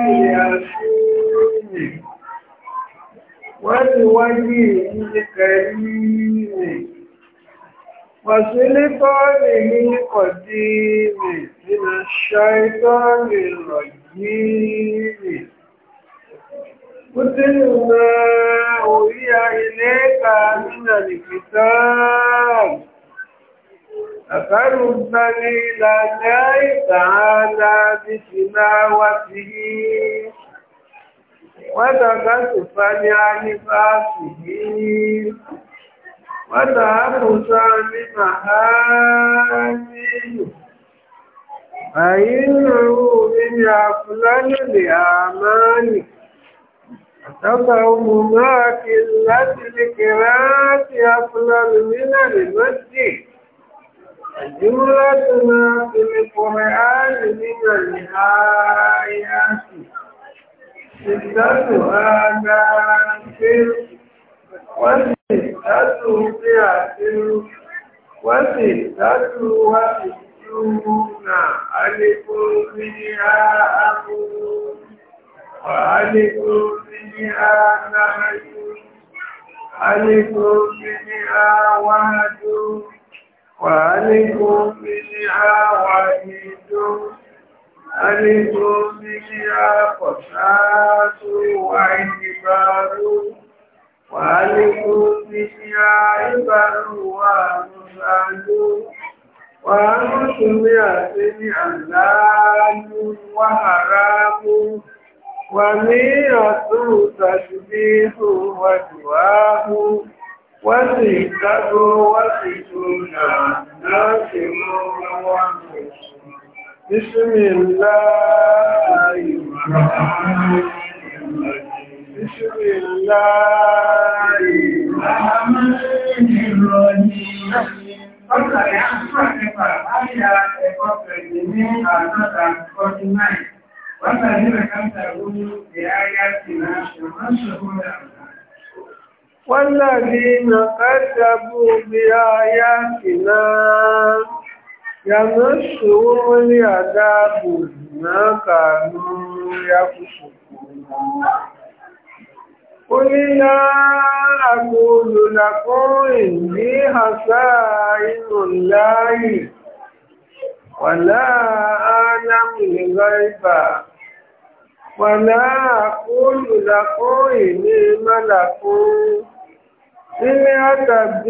ياسين والوجه الكريم وسلطانه القديم من الشيطان الرجيم قتل ما أوحي إليك من الكتاب أثر الذليل الله تعالى بتلاوته وتكسفا عن نفاسه وتهرسا بمحامله فإنه من أفضل الأعمال أتقوم ما قلة القراءة أفضل من المسجد جملة ما في القرآن من الآيات ستة آلاف وستة مئة وستة وستون ألف فيها أمر وألف فيها نهي ألف فيها وهد وألقوا منها وعيدوا ألقوا منها قصاص وعبار وألقوا منها عبر وأمثال وأمثلة حلال وحرام وميرة تسبيح ودواه والزيتون والزيتون ناكمون وانفسون بسم الله الرحمن الرحيم بسم الله الرحمن الرحيم Ọjọ́ ìyàtọ̀ nípa àyà ẹ̀kọ́ pẹ̀lú ní àádọ́ta 49. Wọ́n tàbí rẹ̀ káńtà lórí ẹ̀yà yá sí náà ṣe máa ṣe fún ẹ̀rọ. والذين كذبوا بآياتنا يمسهم العذاب بما كانوا يفسقون قل لا أقول لكم إني خزائن الله ولا أعلم الغيب ولا أقول لكم إني ملك ya. ohe nayaha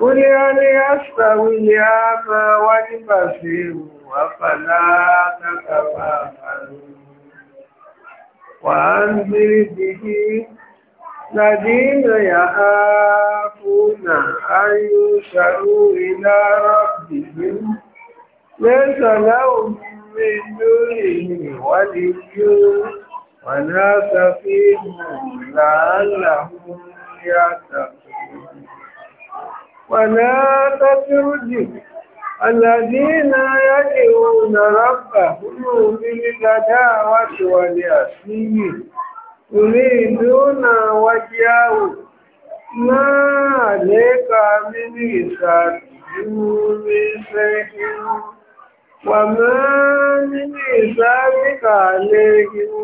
uye anaawuye aha nwaebazi uapanana aahe na dinaya ahụ na ayaoaaoe naara na omume ndị oeyere nwannedio وناس فيهم لعلهم يعتقون ولا تترج الذين يدعون ربهم بالغداوة والعشي يريدون وجهه ما عليك من حسابهم من شيء وما من حسابك عليهم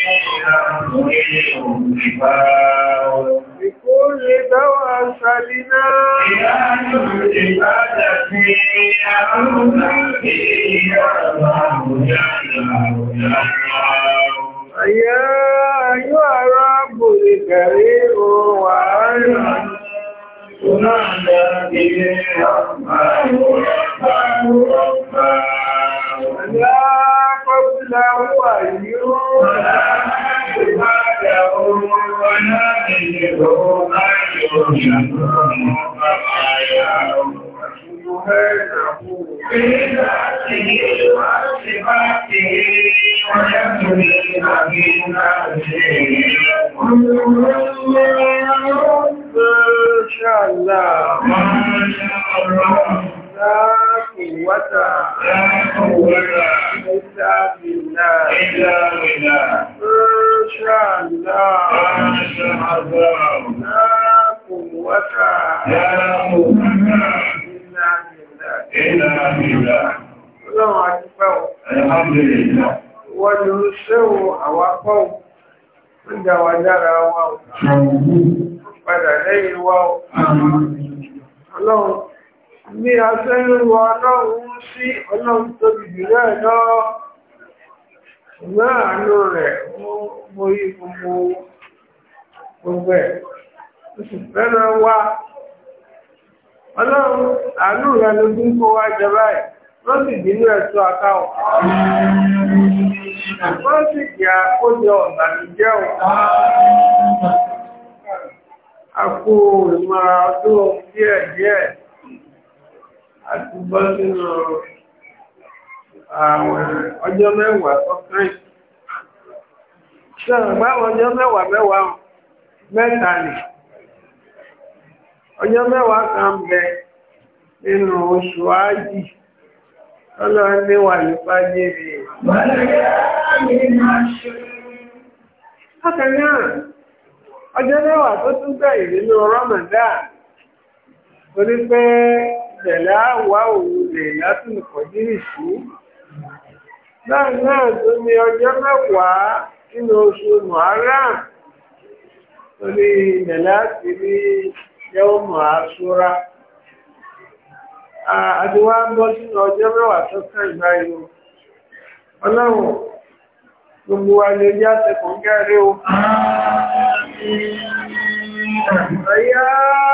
بكل دواء سلنا يا أيها الرب الكريم وأنت تنادى به ربه ربه ربه لا قبله أيوم ولا بعده ولا منه أيوم وما يعلم في ذاته وصفاته ويمني به يا محمد إلا بالله الحمد لله ونرسل عواقب من دوادر واو padà lẹ́yìn wa ọlọ́run ní aṣẹ́yìn wa ọlọ́run sí ọlọ́run tó bìbì rẹ̀ lọ ṣùgbọ́n àánú rẹ̀ mo yí gbogbo ẹ̀ oṣù fẹ́ràn wa ọlọ́run àánú rẹ ló tún kó wá jẹ báyìí wọ́n sì akáwọ̀. wọ́n sì kí àkójọ a kó ìmọ̀ra ọdún díẹ̀ díẹ̀ àti bọ́ sínú àwọn ọjọ́ mẹ́wàá tọ́kàn yìí. sọ̀rọ̀ ọjọ́ mẹ́wàá mẹ́wàá mẹ́ta nìí. ọjọ́ mẹ́wàá kan bẹ nínú oṣù ájì ọlọ́run ní wà ní fájèrè bákan náà ọjọ́ mẹ́wàá tó tún gbẹ̀yìn nínú Ramadan torí pé ìṣẹ̀lẹ̀ àwọ̀ òun lè látùnkọ̀ jírí sí láàrin náà tó ní ọjọ́ mẹ́wàá nínú oṣù Muharram torí ìṣẹ̀lẹ̀ àti rí yẹ́wọ́mù àṣúra àdíwá ń bọ́ sínú ọjọ́ mẹ́wàá tó kàn ìgbáyò ọlọ́run gbogbo wa lè yá sẹ́kùn gẹ́rẹ́ o Ẹ̀yà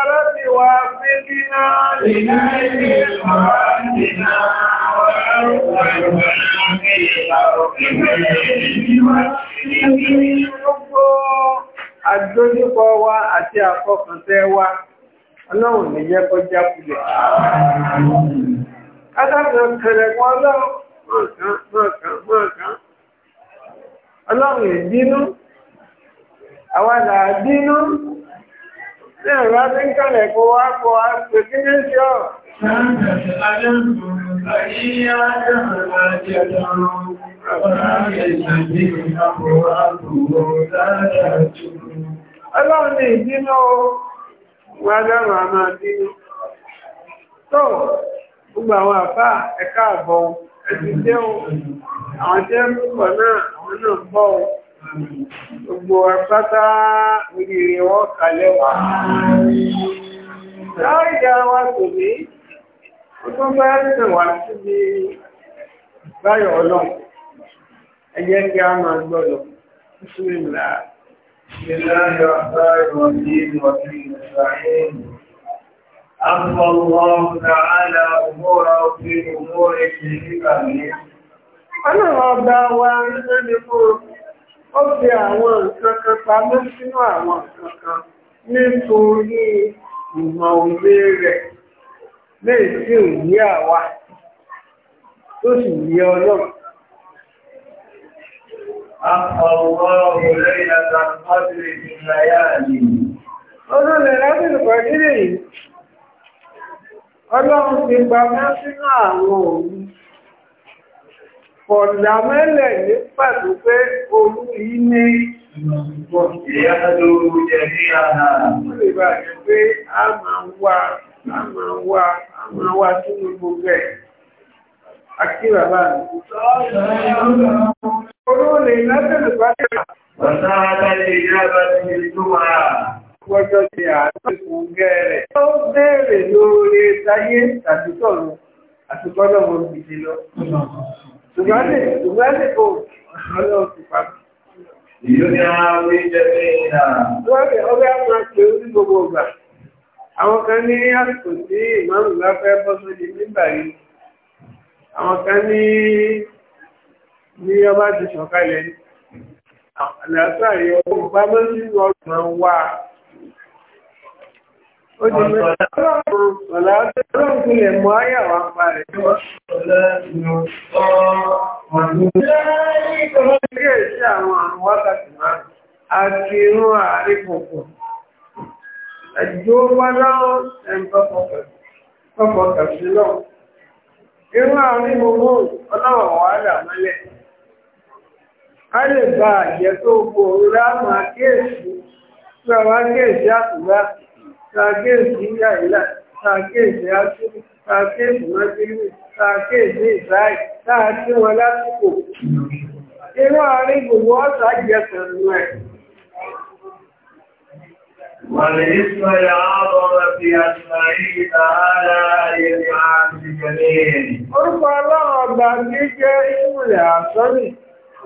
rẹ̀ ti wà fẹ́ bí náà lè náà lè máa lè náà wọ́n àdójúkọ wa àti àfọkàntẹ́ wa ọlọ́run ní jẹ́ kó jákulẹ̀. Kátàkùn kẹrẹ̀ kan ọlọ́run mọ̀ọ̀kan mọ̀ọ̀kan Ọlọ́run ìbínú, àwàdà àbínú, ní ẹ̀rọ tí ń kẹrẹ̀ kó wá ọlọ́run ní ìdínú wádọ́rùn àmà dínú tó gbogbo àwọn àbá ẹ̀ka àbọ̀ ẹ̀sì tí ó àwọn jẹ́ púpọ̀ náà àwọn náà bọ́ gbogbo àpáta oríire wọ́n kalẹ̀ wà láìdá wa tò ní ọdún bá rẹ̀ wà síbi báyọ̀ ọlọ́run ẹ̀yẹ́ kí a máa gbọ́dọ̀ sílẹ̀ بسم الله الرحمن الرحيم وفي نستعين أما الله تعالى أموره في أمور الشريكة Ọlọ́run ọba wa ní kó ó fi àwọn nǹkan kan pamọ́ sínú àwọn nǹkan أحفى الله ليلة القدر في الليالي Ọdún lẹ́lẹ́bí ìpàdílé yìí, ọlọ́run ti gba mọ́ sínú àwọn òun. Kọ̀dà mẹ́lẹ̀ ní pẹ̀lú pé olú yìí ní ìyá lóòrú jẹ ní àná. Ó lè bá jẹ pé a máa wá, olóòlè lásìlù pàtàkì ọ̀nà àtàlẹ̀ ìjábá ti túnmà wọ́jọ́ ti àtìkù gẹ́rẹ̀ ó bẹ̀rẹ̀ lórí táyé tàbí tọ̀run àti gbọ́dọ̀ wọn fi ti lọ ṣùgbọ́n lè kó ọ̀nà ti pa ìlú ni a rí jẹ́ pé ìlà ọgbẹ́ àwọn àti orí gbogbo ọgbà àwọn kan ní àsìkò sí ìmọ̀rùn láfẹ́ bọ́sọ́dì nígbà yìí àwọn kan ní ní ọba ti sọ̀kalẹ̀ àlàáfíà yẹn ó bá mọ́sí ọgbọ̀n wà. ó ti mẹ́ta ọlọ́run ọ̀làáfíà ọlọ́run tilẹ̀ mọ́ àyà wa pa rẹ̀. Ilé iṣẹ́ àwọn àrùn wákàtí máa àti irun àárín pọ̀pọ̀. Ẹ̀jọ́ wá láwọn ẹ̀ńtọ́pọ̀pọ̀ sí náà. Irun àárín gbogbo ọlọ́wọ̀ wàhálà mọ́lẹ̀. ká lè ba àjẹ́ tó gbò òrùlá kéèsì tí a wá kéèsì àkùrá tá a kéèsì yàìlá ìsáì wọn lásìkò inú àárín gbogbo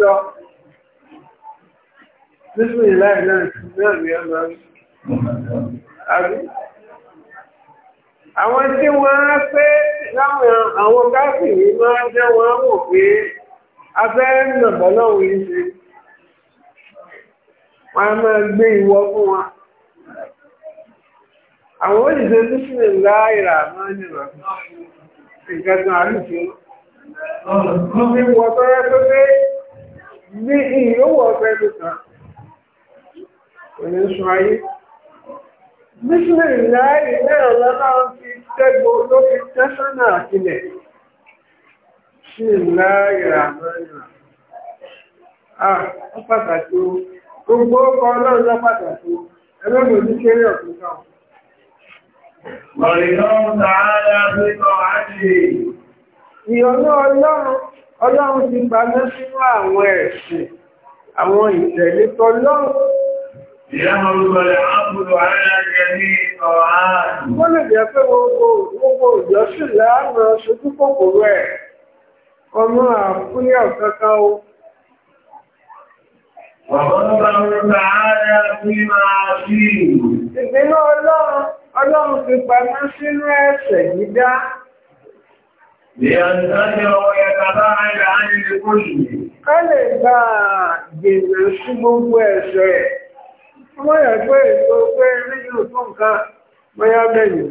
lọ nínú ìláì náà náà ni a máa rí àwọn tí wọ́n á pé láwọn àwọn káàkiri máa jẹ́ wọ́n á wò pé abẹ́ nàbọ̀ lọ́wọ́ yìí ṣe wọ́n á máa gbé ìwọ fún wa àwọn òṣìṣẹ́ lùsùlẹ̀ láìra máa nìrà nǹkan kan wọ́n fi wọ́n tọ́rẹ́ tó ní ìyówó ọ̀fẹ́ lùkàn òní sun ayé bísílẹ̀ láì náà lọ́nà fi tẹ́gbò ló fi tẹ́sánà àkílẹ̀ sí láì ràmọ́nà ó pàtàkì ó gbogbo ọkọ̀ ọlọ́run lọ pàtàkì ó ẹlọ́gbọ̀n ní kéré ọ̀tún káwọn. Ọ̀rẹ́ náà ń ta ara pé kọ́ Ìyọ̀nà ọlọ́run ọlọ́run ti pamẹ́ sínú àwọn ẹ̀sìn àwọn ìtẹ̀lé tọlọ́run Wọ́n lè jẹ́ pé gbogbo ìjọsìn láàrín ṣojú kòkòrò ẹ̀, ọmọ àkúnyà kankan o. Ìgbìnà ọlọ́run ti pamọ́ sínú ẹ̀ṣẹ̀ yìí Ká lè gba jèrè sí gbogbo ẹ̀ṣẹ̀ ẹ̀. Wọ́n yẹ̀ pé èso pé nínú tó nǹkan bóyá bẹ̀rẹ̀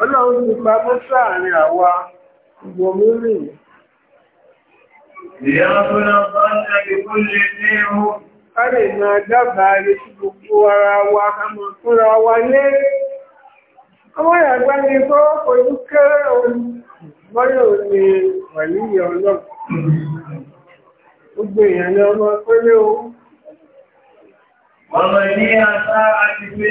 ọlọ́run ti pa mọ́ sáàrin àwa gbòmírìn. Ìyá tó náà bá ń tẹ́lẹ̀ kó lè ní ká lè máa dábàá rẹ̀ sí gbogbo ara wa ká máa fúnra wa lé ọmọ ìyàgbá ni kọ́ ojú kéré o bọ́yọ̀ ni ní ìyá ọlọ́pàá gbogbo èèyàn ni ọmọ pẹ́lẹ́ o ọmọ ní àṣà àti pé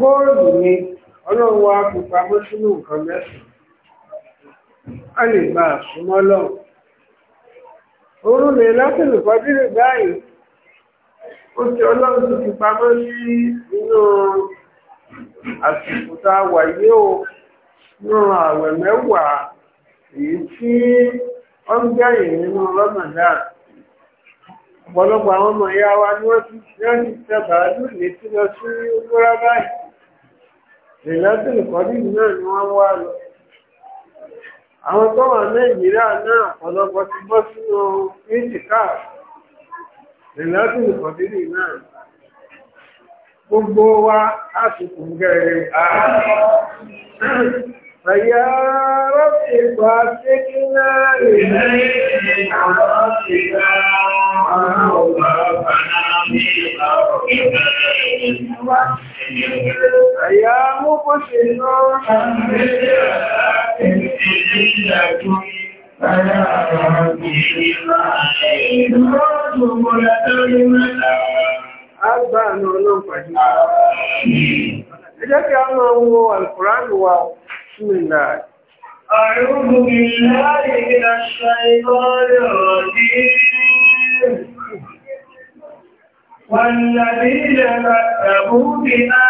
góòlù ni ọlọ́run wa kò pamọ́ sínú nǹkan mẹ́sàn-án a lè gba àsúnmọ́ lọ́wọ́ òru lè lásìlò kọbírì báyìí ó ti ọlọ́run tó fi pamọ́ sí inú àsìkò tá a wà yìí o nínú àwẹ̀ mẹ́wàá èyí tí ó ń gbẹ̀yìn nínú rọ́mọdán ọ̀pọ̀lọpọ̀ àwọn ọmọ ìyá wa ni wọ́n ti ṣẹ́ni tẹ́bàálù lè tí lọ sí ogóra báyìí ìlẹ́sìn ìkọ́dí náà ni wọ́n wá lọ àwọn tó wà nàìjíríà náà ọ̀pọ̀lọpọ̀ ti bọ́ sínú ìtìkáà ìlẹ́sìn ìkọ́dí náà gbogbo wa á sì kún gẹ̀rẹ̀ Fàyà rọ́pì pa síkínà ìlẹ́yìn àwọn ọ̀pìnà Ẹ̀yà mú kó ṣe náà. Ẹ̀yà Agbáàna ọlọ́run pàdé. Ẹjẹ́ kí a máa wo Alkùránù wa fún ìlà. أعوذ بالله من الشيطان الرجيم والذين كذبوا بآياتنا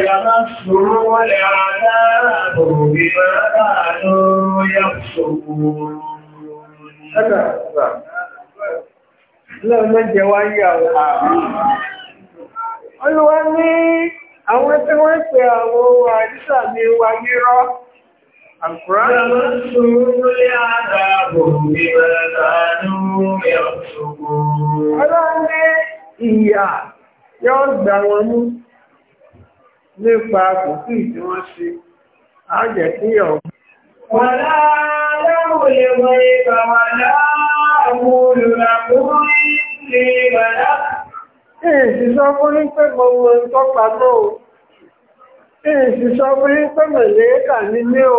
يمسهم العذاب بما كانوا يفسقون Lọ́wọ́ mẹ́jẹ wá ń yà wà. Olúwa ní àwọn tí wọ́n pè àwọn ohun àdísà ní wa nírọ́. Ọlọ́rẹ́ ìyà yóò gbà wọn mú nípa kòkí tí wọ́n ṣe, a jẹ́ kí ọ̀gbọ́n. Wọ́n láàárọ̀ lè wọ́n ìgbà wà láàárọ̀ olùràkúnrin lè bà láà. Èyí sí sọ fún ní pé gbogbo ń tọ́pa náà. Èyí sí sọ fún ní pé mẹ̀lẹ́kà ní ní o.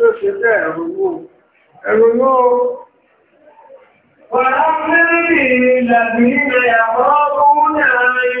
tí ó ṣe bẹ́ẹ̀ ẹ̀rùnú ẹ̀rùnú wà á mẹ́rin ìlànà ìrẹ̀ àwọn ọmọ náà